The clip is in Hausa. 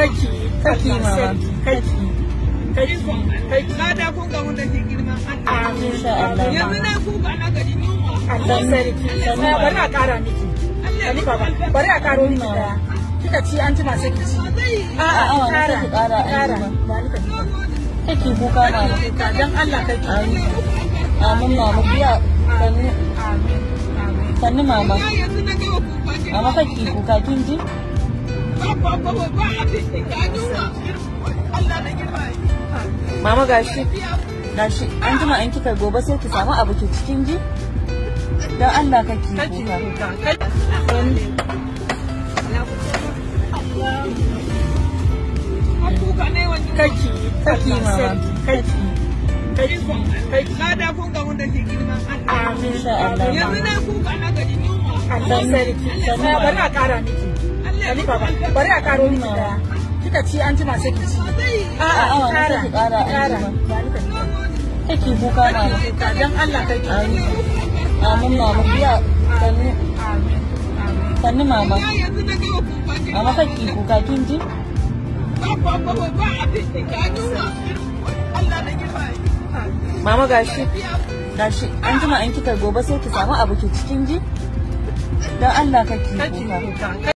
kaki kaki mama kaki kaki kaki ga wanda ke girma amin ah, sha Allah yanzu na ku na gari Allah sarki bari a kara miki bari a karo miki kika ci an ji a a a kara kara kara kuka na dan Allah amin amin mama biya mama ji Mama gashi, gashi, an jima an kika gobe sai ki samu abu ke cikin ji? dan Allah ka ki Kaki, kaki mama, kaki. Kada wanda ke girman Allah. Amin sha Allah. Yanzu na na Allah sarki. bana kara miki. Khalifa ba bari a karo kika ci an jima sai ki ci a a a kara kara kara na dan Allah kai ki amin mama biya sanni mama mama kai ki kin ji Mama gashi gashi an jima an kika gobe sai ki samu abu ki cikin ji Allah kake